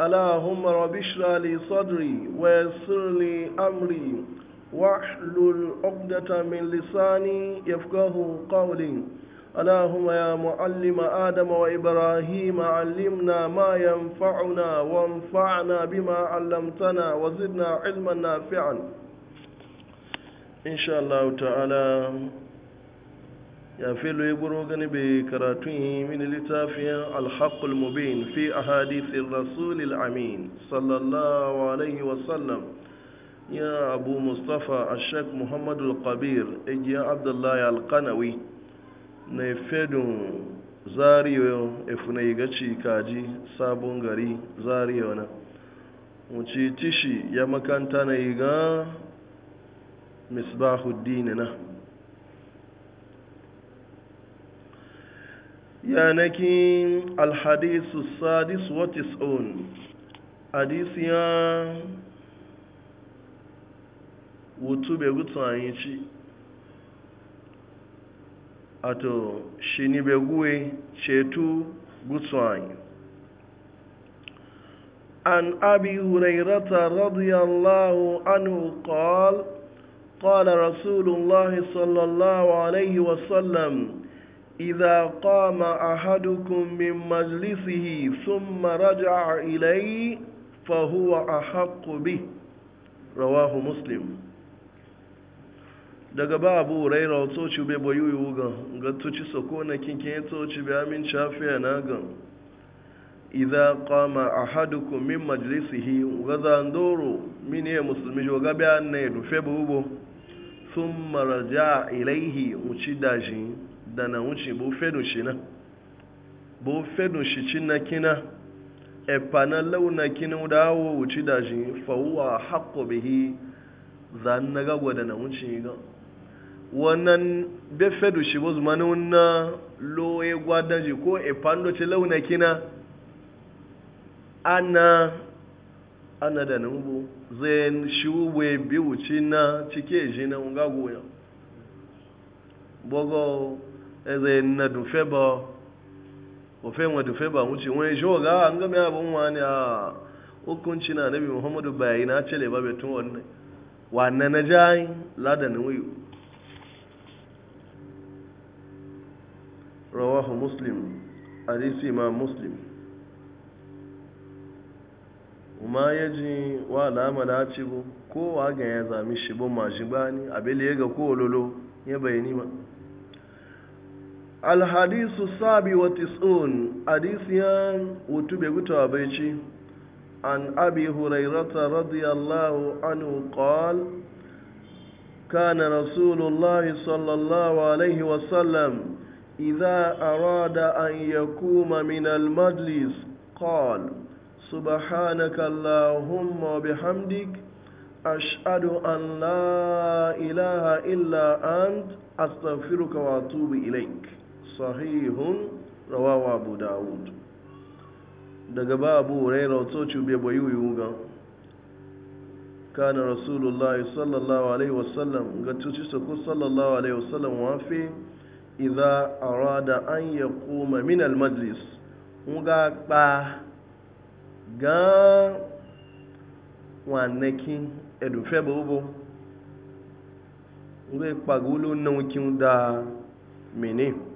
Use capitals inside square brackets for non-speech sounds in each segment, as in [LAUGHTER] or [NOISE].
اللهم رب اشرح لي صدري ويسر لي امري واحلل عقدة من لساني يفقه قولي اللهم يا معلم آدم وإبراهيم علمنا ما ينفعنا وانفعنا بما علمتنا وزدنا علما نافعا إن شاء الله تعالى ya filo ya buro gani bai karatun yi mini littafin alhaƙul mubin fi a hadisin rasulil amin sallallahu alaihi wasallam ya abu mustapha a muhammadu alqabir kabir igiya abdullahi alkanawi na fedun zariyo yi gaci kaji sabon gari zariyo na wuce tishi ya makanta na yi ga misbahuddin na yanaki alhadisu sadis what is own hadisiya wutu begutu anyi ci A to ato shini beguwe cetu gutu anyi an abi hurairata radiyallahu anhu qal qala rasulullahi sallallahu alaihi wasallam إذا قام أحدكم من مجلسه ثم رجع إليه فهو أحق به رواه مسلم daga ba abu raira wato ci bai bayu yiwu ga gattuci sako na kinke yato ci bai amin shafiya na ga idza qama ahadukum min majlisihi gaza ndoro min ya musulmi jo gabe an ne dufe bubo thumma raja ilaihi uchi dajin da na wuce bo fedun shi na bo fedun shi cin na kina e pa na launa kina da awo wuce da shi fawuwa haƙo bihi za na gagwa da na wuce ga wannan be fedu shi bo zuma na wunna lo e gwada shi ko epa ndo ce launa kina ana ana da nan bu zai shi uwe bi wuce na cike shi na wunga bogo eze na dufe ofe nwa dufe ba wuce wani jo ga abụ game abin a hukunci na nabi muhammadu bayi na cele ba betun Wa wannan na jayi ladan wuyu rawahu muslim hadisi imam muslim ma ya ji wa alama da ci bu kowa ga ya zami shi bu ma shi bani abin ya ga ko ololo ya bayani ma alhadisu sabi wa tis'un hadisiyan wutube guta wa ci an abi hurairata radiyallahu anhu qal kana rasulullahi sallallahu alaihi wasallam idha arada an yakuma min almajlis qal subhanaka allahumma wa bihamdik ashhadu an la ilaha illa ant astaghfiruka wa atubu ilaik sahihun rawawa abu dawud daga ba abu raira wato cube bayuyu ga kana rasulullah sallallahu alaihi wasallam ga tuci su sallallahu alaihi wasallam wafi idza arada an yaquma min al majlis nga pa ga wanakin edufe bobo nga pa gulo naukin da mene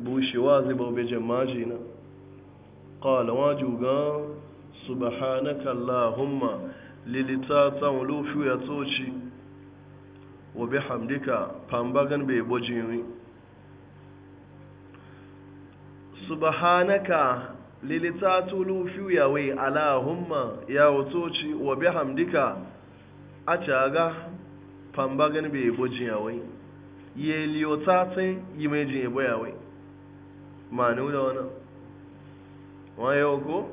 bushewa zai baube jamaji na ƙala waju gan subhanaka allahumma lilita ta wulufi ya toci wa bi hamdika pambagan bai bojiri subhanaka lilita ta wulufi ya wai allahumma ya toci wa bi hamdika a caga pambagan bai bojiri ya wai yeliyota ta yi mai ya yabo ya wai manu da wani wani yau ko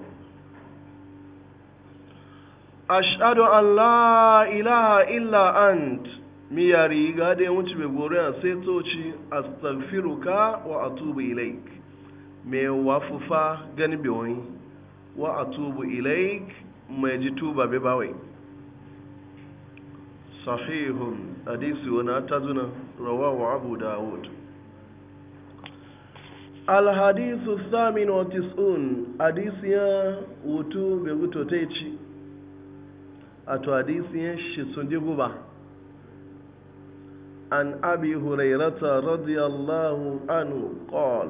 ashadu allah la ilaha illa ant mi ya riga da ya wuce mai a sai toci astaghfiruka wa atubu ilaik mai wafufa gani bewani wa atubu ilaik mai ji tuba be bawai sahihun hadisi wani ta zuna rawawa abu dawud alhadisu samin wa tis'un hadisiyan wutu bai wuto ta ci a to hadisiyan shi sun ji guba an abi hurairata radiyallahu anu qal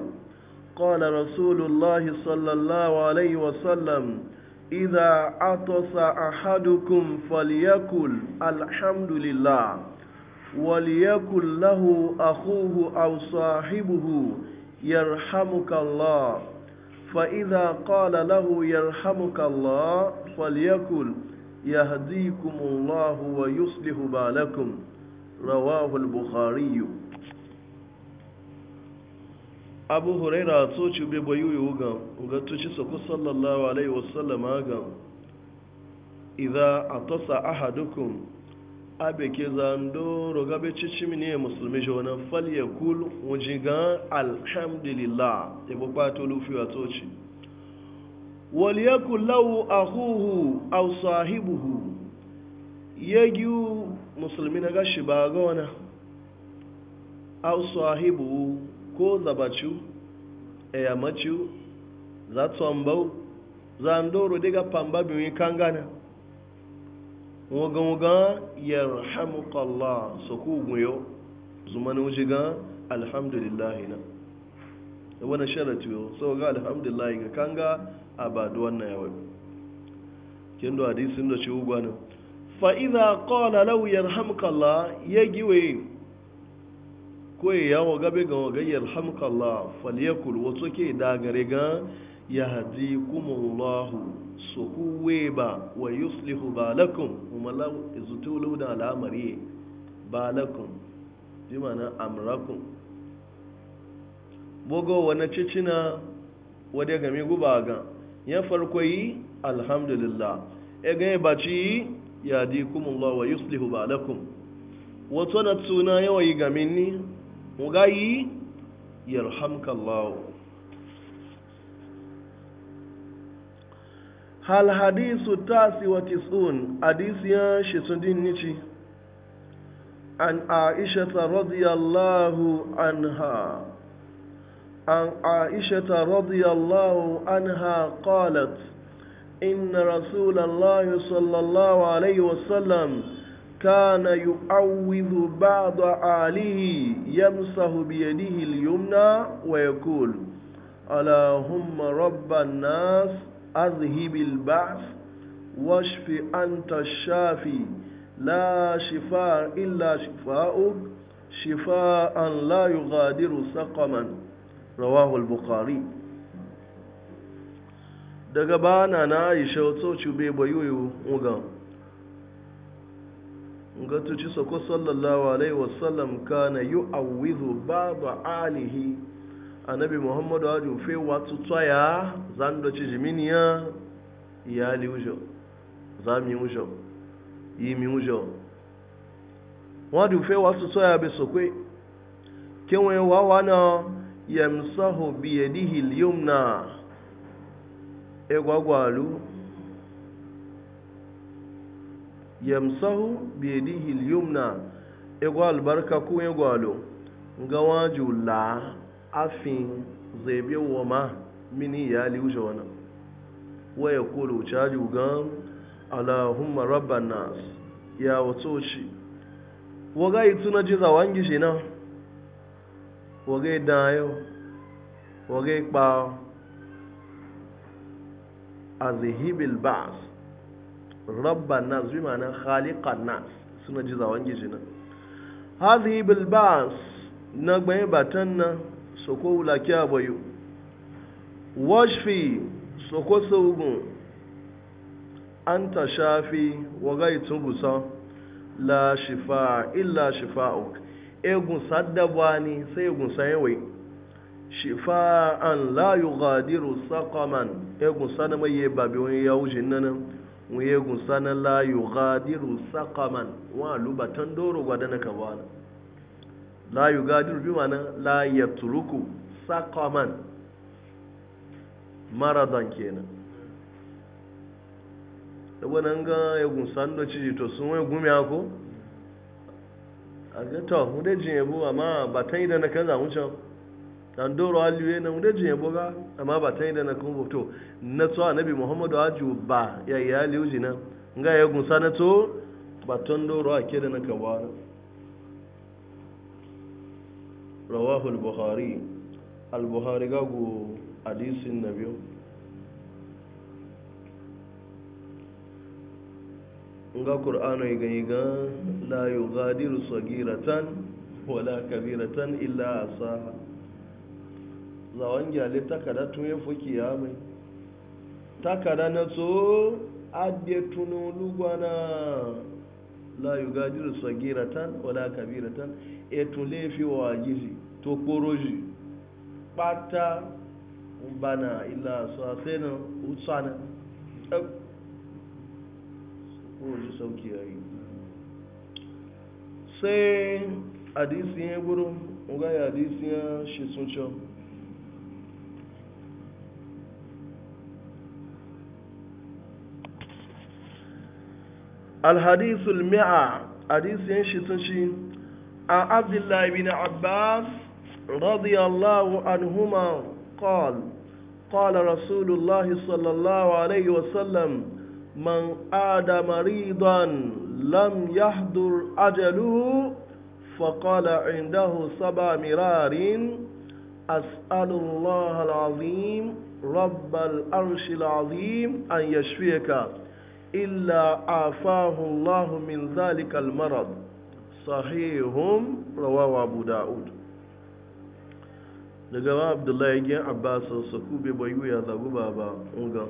قال رسول الله صلى الله عليه وسلم إذا عطس أحدكم فليكل الحمد لله وليكل له أخوه أو صاحبه يرحمك الله فإذا قال له يرحمك الله فليقل يهديكم الله ويصلح بالكم رواه البخاري أبو هريرة توشي ببيو يوغا وغتوشي سكو صلى الله عليه وسلم آغا إذا أتصى أحدكم abe ke zando roga be cici mini ya musulmi jona wani fal ya kul wuji gan alhamdulillah ya bu kwato lufi wa toci wal ya kullahu ahuhu aw sahibuhu ya musulmi na gashi ba ga wani aw sahibuhu ko zabacu e ya macu za ro zandoro diga pamba biyu kangana wogan-wogan ogun yọ ku wọ́n zumanin wujigan alhamdulillahi na wọ́n wani sharatu yau sau ga alhamdulillahi ga kanga a badu wannan yawon kí n dọ̀ da hadisin da ce ugwanin fa'iza láwù ƙola lau yarhamukallah ya giwe ko ya yawo gan ga wagan yarhamukallah falyakul wato ke dagare gan ya haji kuma allahu su ba wa yuslihu ba lakum da al'amari ba ji mana amurakun bugo wani cicina wadda game guba ga ya farko yi alhamdulillah ya e ganye yi ya di kuma wa yuslihu ba wato na tuna yawa yi gamin ni mu ga yi yarhamkallahu hal hadisu tasi wa tis'un hadisi ya shetundin nici an aishata radiyallahu anha an aishata radiyallahu anha qalat إن رسول الله صلى الله عليه وسلم كان يعوذ بعض آله يمسح بيده اليمنى ويقول اللهم رب الناس أذهب البعث واشف أنت الشافي لا شفاء إلا شفاؤك شفاء لا يغادر سقما رواه البخاري daga bana na aisha wato bai bayoyo uga ga tuci sako sallallahu alaihi wasallam kana yu'awwidhu baba alihi annabi muhammadu hajju fe wato tsaya zan da ci jimini ya iyali wujo za mi wujo yi mi wujo wọ́n dùn fẹ́ wá sọ́sọ́ ya bẹ sọ́kwe kí wọ́n wá wá náà yẹmsáhù bí ẹ̀dí hìlíọ́m náà ẹgbàgbàlú yẹmsáhù bí ẹ̀dí hìlíọ́m náà ẹgbà albarka kún ẹgbàlú ga wájú là áfin zẹ̀bẹ̀ wọ̀ máa mini ya liwuce wani waya kolo caji gan alahumma rabban nas ya wato shi waga yi tuna ji zawon gishi na waga yi dayo waga yi kpa a zihibil ba'as rabban nas bi ma'ana khaliqan nas suna ji zawon gishi na hazihibil ba'as na gbaye batan na soko wulakiya bayu washfi soko saugun an ta shafi wagai gusa la shifa illa shifa shifa'uk egun saddaba ni sai egun sayewai an la yughadiru saqaman egun sana mai yeba bi wani ya wuce nan wani egun sana la yughadiru saqaman wa lubatan doro gwadana ka bana la yughadiru bi mana la yatruku saqaman maradan kenan na wani ga ya gunsan da ciji to sun wai gumi ako a ga to hude jin yabo amma ba ta yi da na kaza wucin dan doro aliyu na hude jin yabo ga amma ba ta yi da na kuma to na tso annabi muhammadu haju ba ya yi aliyu na ga ya gunsa na tso ba ton doro a ke da na kabara rawahul buhari al ga gago hadisin na biyu ga ƙur'anu ya gani gan la yi gadiru sagiratan wala kabiratan illa a saha zawon gyale takada tun ya fuki ya mai takada na so adye tunu lugwana la yi gadiru sagiratan wala kabiratan etu laifi wa gizi to koroji pata bana a sai na sauki ya yi sai adisi ya guru ga ya ya shi sun cewa الحديث المئة حديث ينشطنشي عن قال قال رسول الله صلى الله عليه وسلم من عاد مريضا لم يحضر أجله فقال عنده سبع مرار أسأل الله العظيم رب العرش العظيم أن يشفيك إلا عافاه الله من ذلك المرض صحيح رواه أبو داود daga ma abdullahi gen abbasin saku bai bayu ya zagu ba ba ga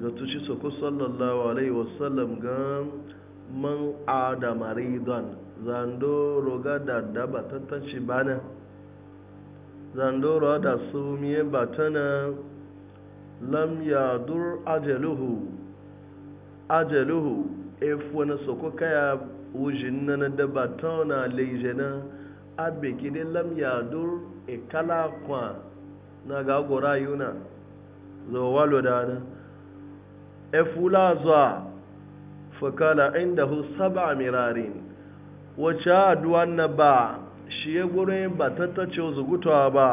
ga tushi saku sallallahu alaihi wasallam ga man adama ridan zando roga da daba tantance bana zando roga da su miye batana lam ya dur ajaluhu ajaluhu efu na saku kaya wujin na na daba tauna lejena abe kide lam yadur e kala kwa na ga gora yuna zo walo da na e fula za fakala indahu sab'a mirarin wace aduwan na ba shi ya gurin ba tattace zugutawa ba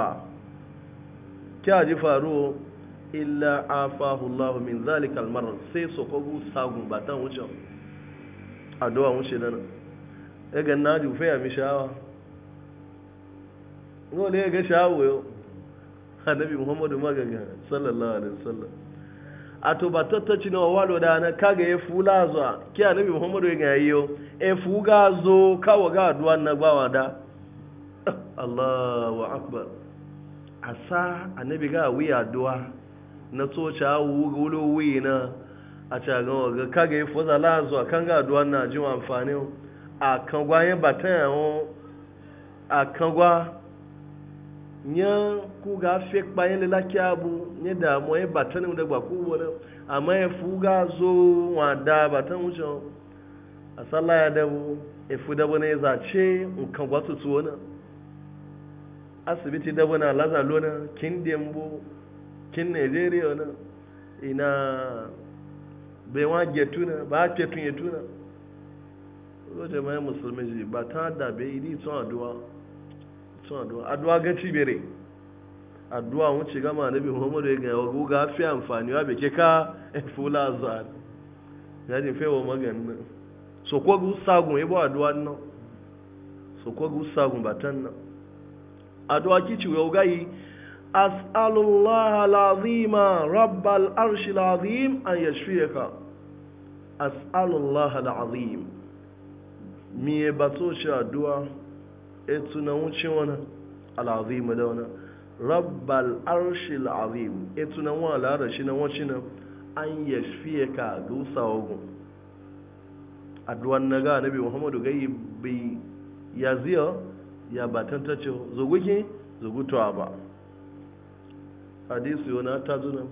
kya ji faru illa afahu min zalikal marar sai su kogu sagun batan wucin aduwa wuce nan ya e ganna jufe ya mishawa ne ga shawo yau annabi muhammadu magaga sallallahu alaihi wasallam a to ba tattaci na wawalo da na kaga ya fula zuwa ki annabi muhammadu ya ga yiyo e fuga zo kawo ga aduwa na gbawa da [LAUGHS] allahu akbar asa annabi ga wi aduwa na tocha wuga wulo wi na a ca ga waga kaga ya fuza la zuwa kan ga aduwa na ji amfani a kan gwa ya batan a kan gwa nye ku ga fe kpaye le laki abu nye da mo ye batan mu da gba ku wona amma ye fu ga zo wa da batan mu jo asalla ya da bu e fu da bona za ce nkan kan gwa tutu wona asibiti da bona kin dembo kin Nigeria e na ina bai wa getuna ba ke o de ma jama'a musulmi ji ta da bai ni tun addu'a sun addu'a addu'a ga cibere addu'a wuce gama annabi muhammadu ya gaya wago ga fi amfani wa beke ka eh, fula zuwa ya je fewa maganin so ko gu sagun yabo addu'a nan so ko gu sagun batan nan addu'a kici wa gayi as'alullah al'azima rabbal arshil alazim an yashfiyaka as'alullah al'azim miye batso shi addu'a etu na wuce wani al'azim da wani rabbal arshil azim etu na wani al'arashi na wace na an ya fiye ka gusa wagun aduwan na ga nabi muhammadu gayi bai ya ziyo ya batan ta ce zogugi zogutuwa ba hadisi wani ta zuna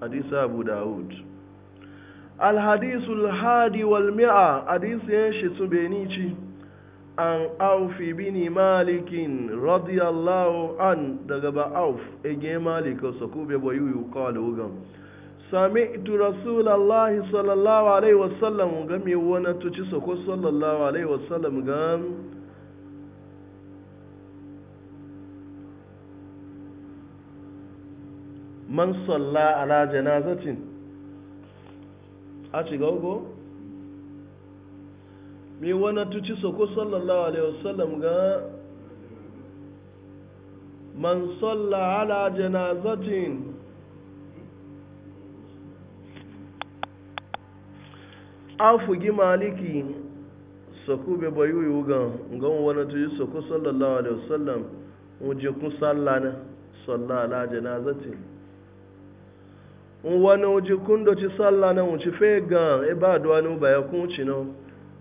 hadisi abu dawud alhadisul hadi wal mi'a hadisi ya shi su benici an aufi bini malikin radiyallahu an daga ba auf ege malika su kube ba yuyu kawo da sami'tu rasulallahi sallallahu alaihi wasallam ga mai wani tuci sako sallallahu alaihi wasallam ga man salla ala janazatin a ci ugo mi wani tuci soko sallallahu alaihi wasallam ga man salla ala janazatin an fugi maliki soko bai bayu yiwu ga gan wani tuci soko sallallahu alaihi wasallam wuje kun salla na salla ala janazatin wani wuje kun doci salla na wuce fe gan e ba duwa ni ba ya kun wuce na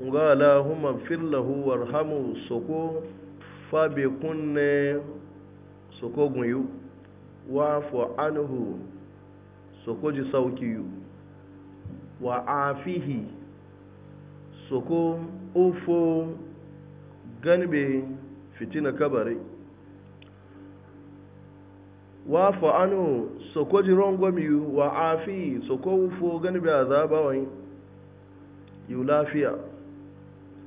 ga Allahumma fillahu warhamu soko fabe kunne soko gunyu wa fu anhu soko ji yu wa afihi soko ufo ganbe fitina kabari wa fu anhu soko ji rongomiyu wa afihi soko ufo ganbe azaba wani yi lafiya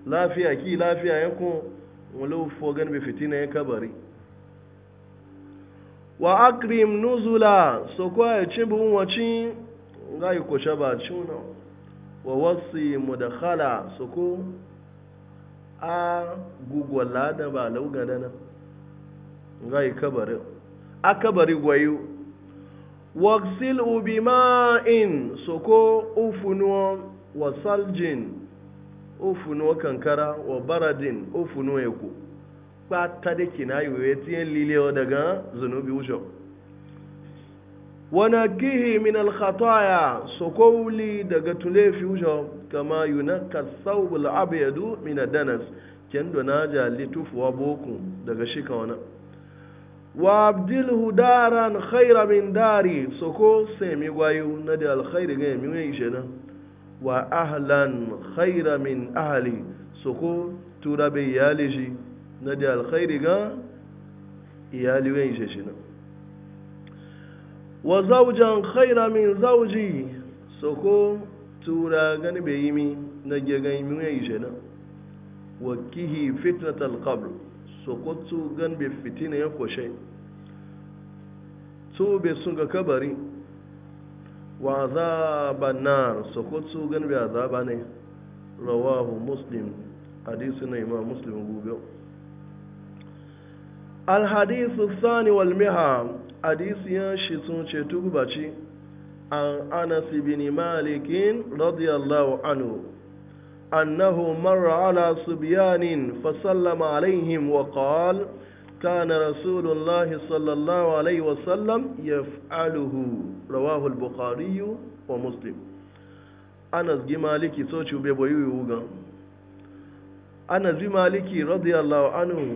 lafiya ki lafiya ya kun wani gani bai fitina ya kabari wa akrim nuzula so kwa ya ci buhun waci ga yi kusa ba ci na. wa wasu khala so ku a gugwala da ba laugada na ga yi kabari. a kabari gwayo waksil ubi in so ko ufunuwa wasaljin ofuno kankara wa baradin ofunuwa ya ku da kina yi wa tiyan liliyawa daga zunubi wujo wana gihi min alkhataya sokowuli daga tulefi wujo kama yunaka saubul abiyadu min Danas, kendo na jali tufuwa boku daga shika wana wa abdilhu daran khaira min dari soko sai mi gwayo na da alkhairi ga mi wani wa ahlan khaira min ahali so tura bai iyali shi na da alkhairi ga iyali wani shi shi nan wa zaujan khaira min zauji so tura gani bai yi mi na gegan yi wani shi nan wa kihi fitnat alqabr so ko tu gan bai fitina ya kwashe tu bai sun ga kabari وعذاب النار سقط سوغن بعذاب أني رواه مسلم حديثنا إمام مسلم أبو الحديث الثاني والمها حديث ينشطون شتوك باتي عن أنس بن مالك رضي الله عنه أنه مر على صبيان فسلم عليهم وقال كان رسول الله صلى الله عليه وسلم يفعله rawahu al-bukhari wa muslim anas gi maliki so ci be boyu wuga anas bi maliki radiyallahu anhu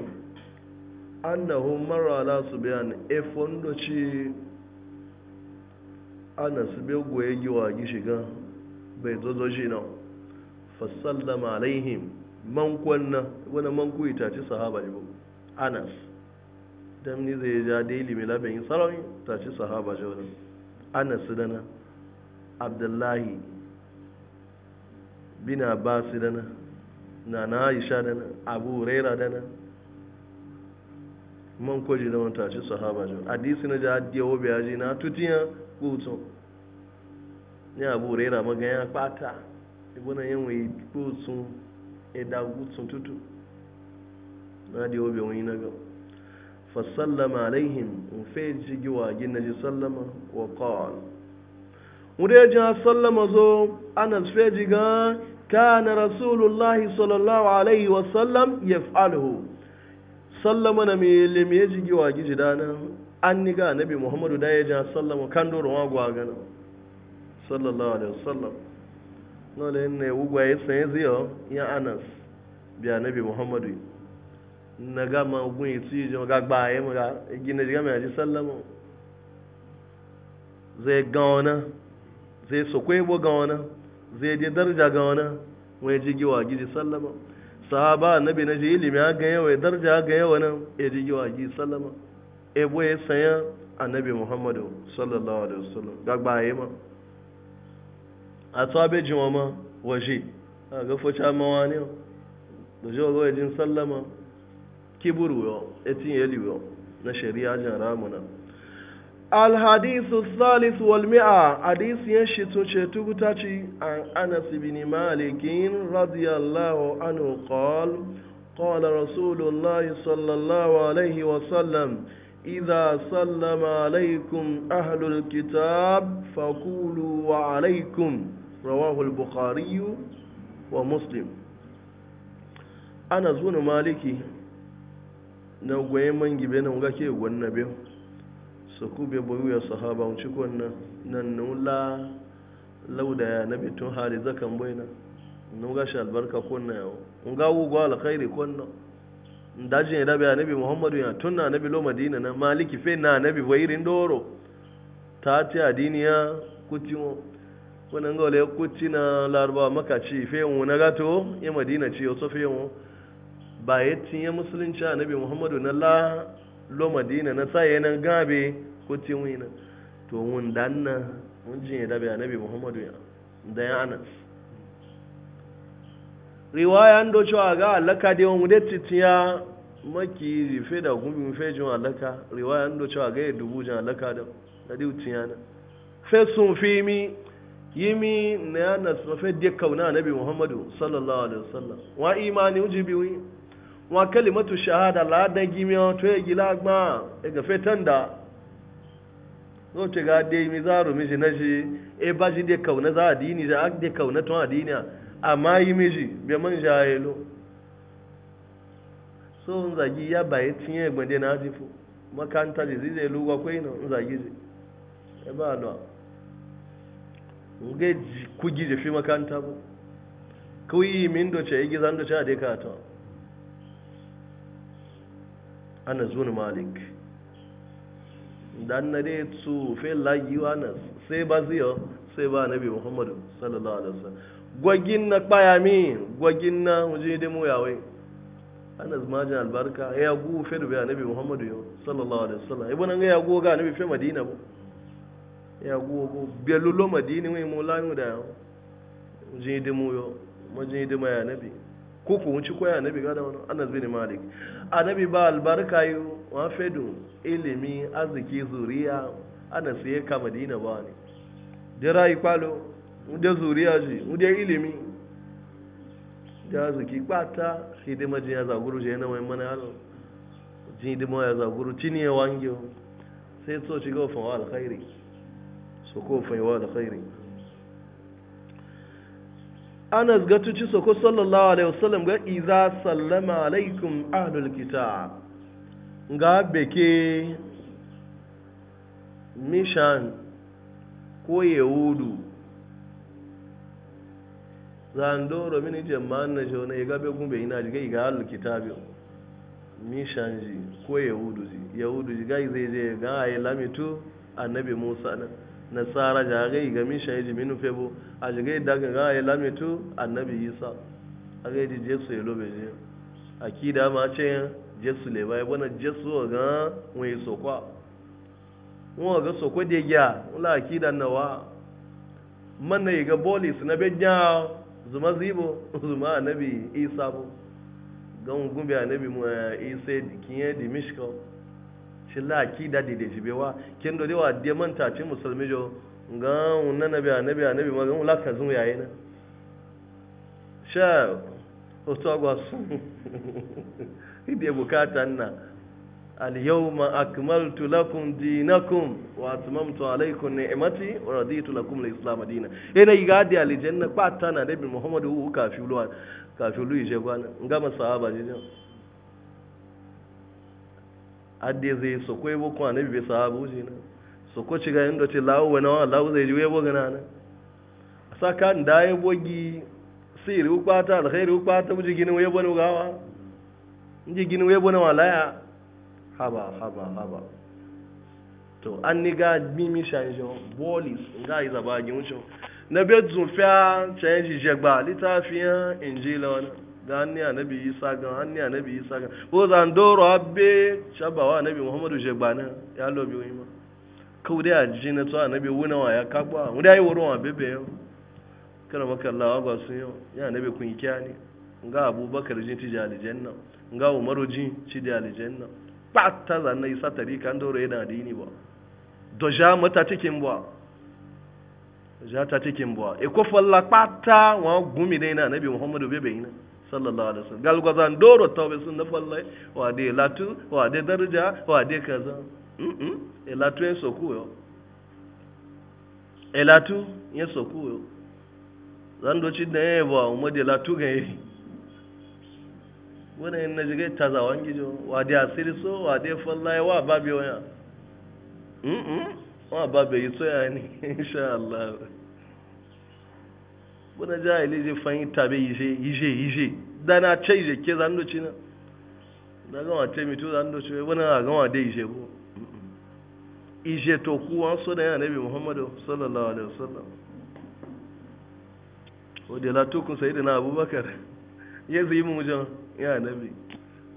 annahu marra ala subyan e fondo ci anas be goye gi wa gi shiga bai zozo shi na fasallama alaihim man kwanna wani man kuyi ci sahaba ne anas dan ni zai ja daily mai labin sarawin ta ci sahaba shi anas dana abdullahi bin abbas na nana aisha dana abu raira dana man kwaji da wanta shi sahaba jo hadisi na ji hadiya wobe yaji na tutiya kuto ni abu raira maganya kwata na yin wai e da edagutun tutu na hadiya wobe wani na gaba fasallama alaihim in fe jigi wagi na ji sallama wa qal wuri ji sallama zo ana fe jiga kana rasulullahi sallallahu alaihi wa sallam yaf'aluhu sallama na me le me jigi wagi ji dana an ni ga nabi muhammadu da ya ji sallama kan doro wa gwa gana sallallahu alaihi wa sallam Na nole ne yi sai ziyo ya anas biya nabi muhammadu na gama gun yi tuyi ga gba ya mura gina jiga mai aji sallama zai gawana zai sokwai bo gawana zai e je darja gawana wai ji giwa gidi sallama sahaba annabi na ji ilimi a ga yawa darja ga yawa nan ya ji giwa gidi sallama e ya sanya annabi muhammadu sallallahu alaihi wasallam ga gba ya ma a tsabe jinwa ma waje a ga fuca mawa ne da jiwa ga e jin sallama kiburu yo etinye liyo na shari'a jan ramuna alhadisu salis wal mi'a hadisi ya shi tun ce ci an anas bin malikin radiyallahu anhu qal qala rasulullah sallallahu alaihi wa sallam إذا سلم عليكم أهل الكتاب فقولوا وعليكم رواه البخاري ومسلم أنا زون مالكي na gwaye man gibe na wuga ke gwanna biyu su ku bai boyu ya sahaba un ci wannan nan nan nula lauda ya na tun hali zakan na nuga shi albarka ko na kwanna yawo nga wu gwa alkhairi na ndaji ne dabe nabi muhammadu ya tun na nabi lo madina na maliki fe na anabi wairin doro ta ti adiniya kutimo wannan ga kuti na larba makaci fe mu na gato ya madina ci yo so fe mu ba ya cinye musulunci a nabi muhammadu na la lo madina na sa yanar gabe ko tinwi na to mun danna na mun jinye dabe nabi muhammadu ya da ya anas riwaya ndo cewa ga alaka da yawan da titiya maki rife da gumi fe jin alaka riwaya ndo cewa ga dubu jin alaka da da diutiya na fe sun fi mi mi na anas fe de kauna nabi muhammadu sallallahu alaihi wasallam wa imani ujibi wi wa kalimatu shahada ladan gimiyan to ya gila gba ya gafe tanda zo ce ga dai mi za rumi shi na shi e ba shi dai kauna za adini za ak dai kauna tun adini amma yi mi shi bai man shahayelo so n zagi ya baye tinye egbon dai na ajifu makanta ji zai lugwa kwai na n zagi ji e ba da ngai kugi je fi makanta ba kawai min doce ya gizan doce a dai ka ta anas bin malik dan na dai su fe wa anas sai ba ziyo sai ba nabi muhammadu sallallahu alaihi wasallam gwagin na kpayami gwagin na wajen dai mu yawai anas majin albarka ya gu fe da bai nabi muhammadu yau sallallahu alaihi wasallam ibn ga ya gu ga nabi fe madina bu ya gu go belulo madina mai mu lamu da yau wajen dai mu yau wajen dai mu ya nabi ko fahimci koya annabi gada wani anas bin malik annabi ba albarka yi wa fedu ilimi arziki zuriya ana ya ka madina ba ne da rayu kwalo da zuriya ji da ilimi da arziki kwata sai dai majin ya zaguru shi yana wani mana yalo jin dima ya zaguru cini ya wange sai so shiga wa alkhairi so ko wa alkhairi anas ga tuci soko sallallahu alaihi wasallam ga iza sallama alaikum ahlul kitab ga beke mishan ko yahudu zandoro mini jama'an na jona ya gabe gumbe ina jiga iga ahlul kitab mishan ji ko yahudu ji yahudu ji ga zai je ga ayi lamitu annabi musa nan nasara ja ga ga mi shayi ji febo a ji ga daga ga ya lamitu annabi isa a ga ji jesu ya lobe je akida ma ce jesu le bai bona jesu ga wani sokwa won ga sokwa de gya wala akida nawa man ne ga bolis na benya zuma zibo [LAUGHS] zuma annabi isa bo ga gumbe annabi mu eh, isa dikin ya dimishko ci ki da dede ci bewa kin do dewa de manta ci musulmi jo nga unna nabi nabi nabi ma zun laka zun yayi na sha o to agwa su [LAUGHS] ide bukata na al yawma akmaltu lakum dinakum wa atmamtu alaykum ni'mati wa raditu lakum al-islam dinan ina yi gadi al janna patana nabi muhammadu ka fi luwa ka fi luwa je gwana ngama ma sahaba je adi zai su kwai yabo ko annabi bai abu ji na su ko ci ga inda ce lawo wa na lawo zai ji yabo gana na ka da ya bogi sirri ku kwata alkhairi ku kwata mu ji ginin yabo no gawa inji ginin yabo wa laya haba haba haba to an ni ga mimi shanjo bolis ga izaba gi mucho na bezu fa change jegba litafiyan injila wannan ga anni anabi isa ga anni anabi isa ga ko zan doro abbe shabawa anabi muhammadu jegbana ya lobi wi ma ko dai a na to anabi wuna wa ya kagba mu dai woro wa bebe yo kana maka Allah wa sun yo ya anabi kun kiyani nga abubakar jin tija aljanna nga umaru jin tija aljanna patta zan na isa tarika ndoro yana dini ba doja mata cikin ba ja ta cikin buwa e ko falla pata wa gumi dai na nabi muhammadu bebe ina sallallahu alaihi wasallam gal gwazan doro tawbe sun na fallai wa de latu wa de daraja wa de kaza mm e latu en soku yo e latu en soku yo zan do cin da e ba mu de latu ga yi wona na jiga ta za wangi jo wa de asiri so wa de fallai wa babe ya mm wa babe yi so ya ni [LAUGHS] insha Allah buna jahili zai fahimta bai yije yije yije dana ce yije ke zan na da gama ce mito zan doci bai a gama dai yije bu yije to kuwa so da yana nabi muhammadu sallallahu alaihi wasallam wadda la tukun sayidu na abubakar [LAUGHS] ya zai mu jan ya nabi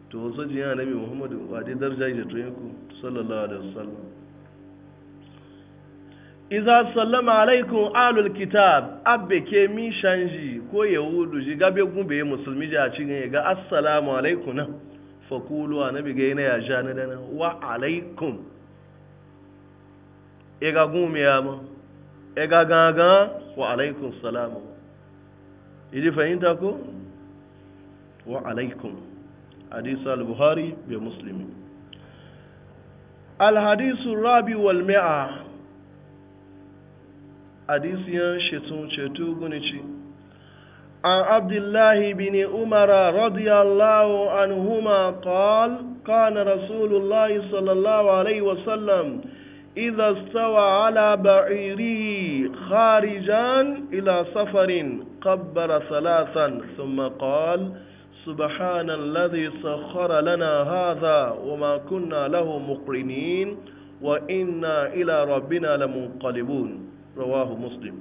to wasu jin ya nabi muhammadu wadda darja yije to yanku sallallahu alaihi wasallam iza sallama alaikum alul kitab abbe ke mi shanji ko yahudu ji gabe gube musulmi ji a cikin ga assalamu alaikum na fakulu nabi ga yana ya na dana wa alaikum e ga gumbe ya ma e ga gaga wa alaikum salamu idi fahimta ko wa alaikum hadisu al buhari bai muslim al-hadisu rabi wal mi'a hadisiyan shetun cetu عن عبد الله بن عمر رضي الله عنهما قال كان رسول الله صلى الله عليه وسلم إذا استوى على بعيره خارجا إلى سفر قبر ثلاثا ثم قال سبحان الذي سخر لنا هذا وما كنا له مقرنين وإنا إلى ربنا لمنقلبون rawahu muslim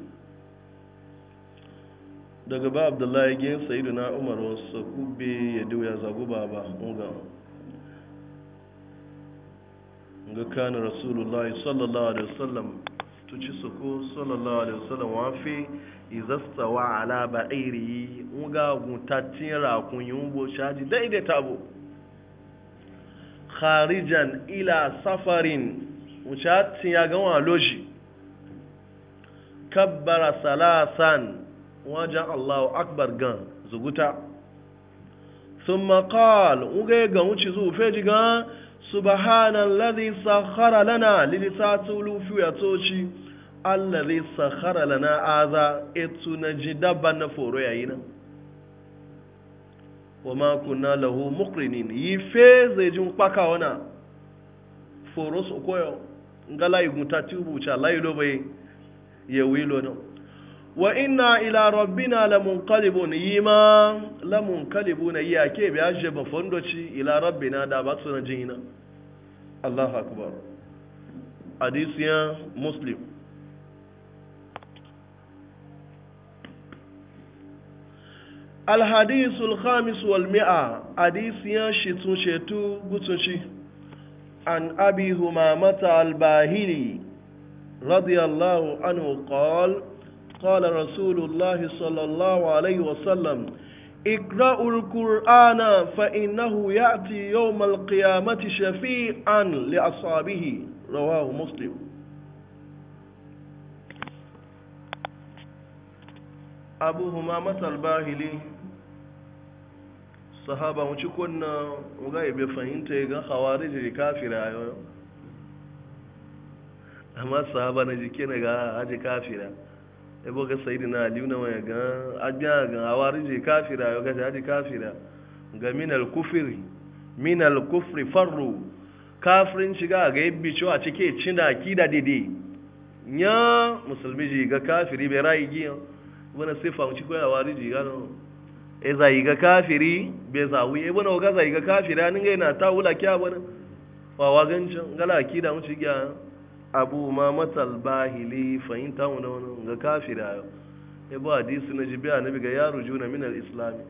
daga ba abdullahi gina sayidu na umar wasu kube ya ya zagu ba ba ga kana rasulullahi sallallahu alaihi wasallam tuci suku sallallahu alaihi wasallam wafi wa ala ba'iri nga gutatin rakun yumbo shaji daidai tabo kharijan ila safarin mutatin ya gawa loji kabbara salasan wajen allahu akbar gan zuguta sun makal ga wuce zuwa jiga subhanan ladhi sakhara lana lilisa tulu ya toci allazi sakhara lana aza etu na ji dabba na foro yayi nan wa ma kunna lahu muqrinin yi fe zai jin kwaka wana foro su koyo ngala igunta tubu cha layi lobe ya wilo no wa inna ila rabbina lamunqalibun yima lamunqalibun yake bi aje ba fondoci ila rabbina da ba su na jina Allahu akbar hadisiya muslim الحديث الخامس والمئة حديث ينشط شتو قتشي عن أبي همامة الباهلي رضي الله عنه قال قال رسول الله صلى الله عليه وسلم اقرأوا القرآن فإنه يأتي يوم القيامة شفيعا لأصحابه رواه مسلم أبو همامة الباهلي صحابة وشكونا وغايب فهمت خوارج الكافر أيوة. amma sahaba na jike na ga aji kafira ya boga sayidi na aliyu na wani ga abiya ga awari je kafira ya gaji aji kafira ga minal kufiri minal kufiri faru. kafirin shiga ga yi bicho a cike cina da dede nya musulmi ji ga kafiri bai rayu giyan wani sifa wuce cikin awari ji gano e za yi ga kafiri bai zawu e wani ga za yi ga kafira nin ga yana ta wula kya wani wawa gancin gala aki da wuce gyan abu ma matal bahili fahimta mu wani ga kafira yau ya hadisi na jibiya na biga yaro juna minar islami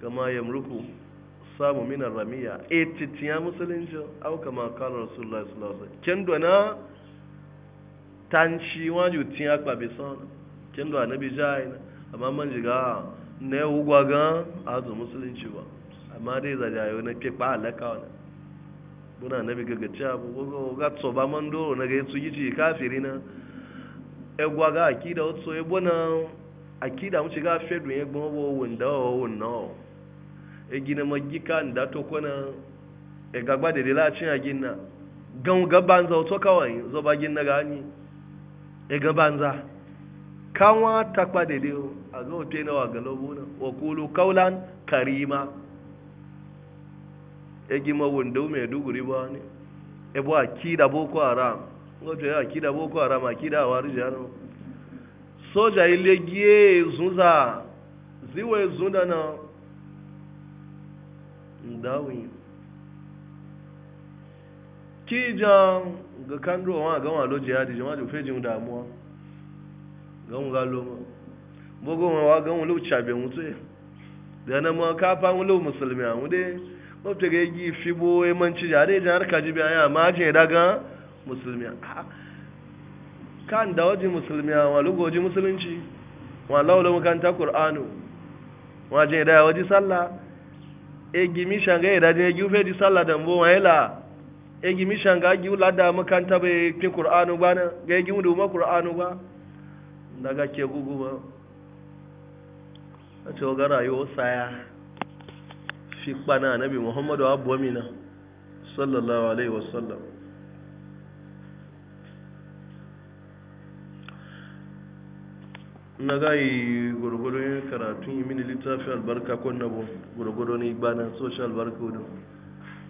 kama yamruku samu minar ramiya e titiya musulunci au kama kala rasulullah sallallahu kendo na tanci waju tiya kwa beson kendo annabi jaina amma man jiga na azu musulunci ba amma dai zajayo na ke ba alaka muna nabi gaggace abu gogo ga tsoba man na ga yatsu yiji kafiri na egwa ga akida otso ebo na akida mu ci ga fedu ye gbon wo wonda o wonna o egina magika nda to kona e gagba de de la cin gan gaban za kawai zo ba ginna ga ni e gaban za kanwa takpa de de o aga o tena wa galobo wa qulu qawlan karima egima wando me duguri ba ne ebo akida boko haram ngoto ya akida boko haram akida awari jano soja ile gie zunza ziwe zunda na ndawi kija ga kandro wa ga wa loje ya dijima ju fejin damuwa ga mu ga loma bogo wa ga mu lu chabe mu tse da na mu ka fa mu lu musulmi amu wata ga yi fi boye manci jare jan a yi biya ya majin daga musulmi kan da waje musulmi a lugo goji musulunci wa laula makanta kur'anu wa je daga waje sallah e gimi shanga da daji ya fe di sallah dan bo wala e gimi shanga gi ulada makanta fi kur'anu ba na ga gi mu ma kur'anu ba daga ke gugu ba a ce ga rayuwar saya fi kpana anabi muhammadu abuwa mina sallallahu alaihi wasallam na gayi gwargwado yin karatun yi mini littafi albarka ko na bu gwargwado gbanin social albarka wadda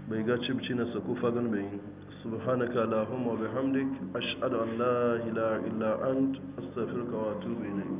bai ga cibci na sako fagen bai yi subhanaka allahumma bihamdik ashhadu an la ilaha illa ant astaghfiruka wa atubu ilayk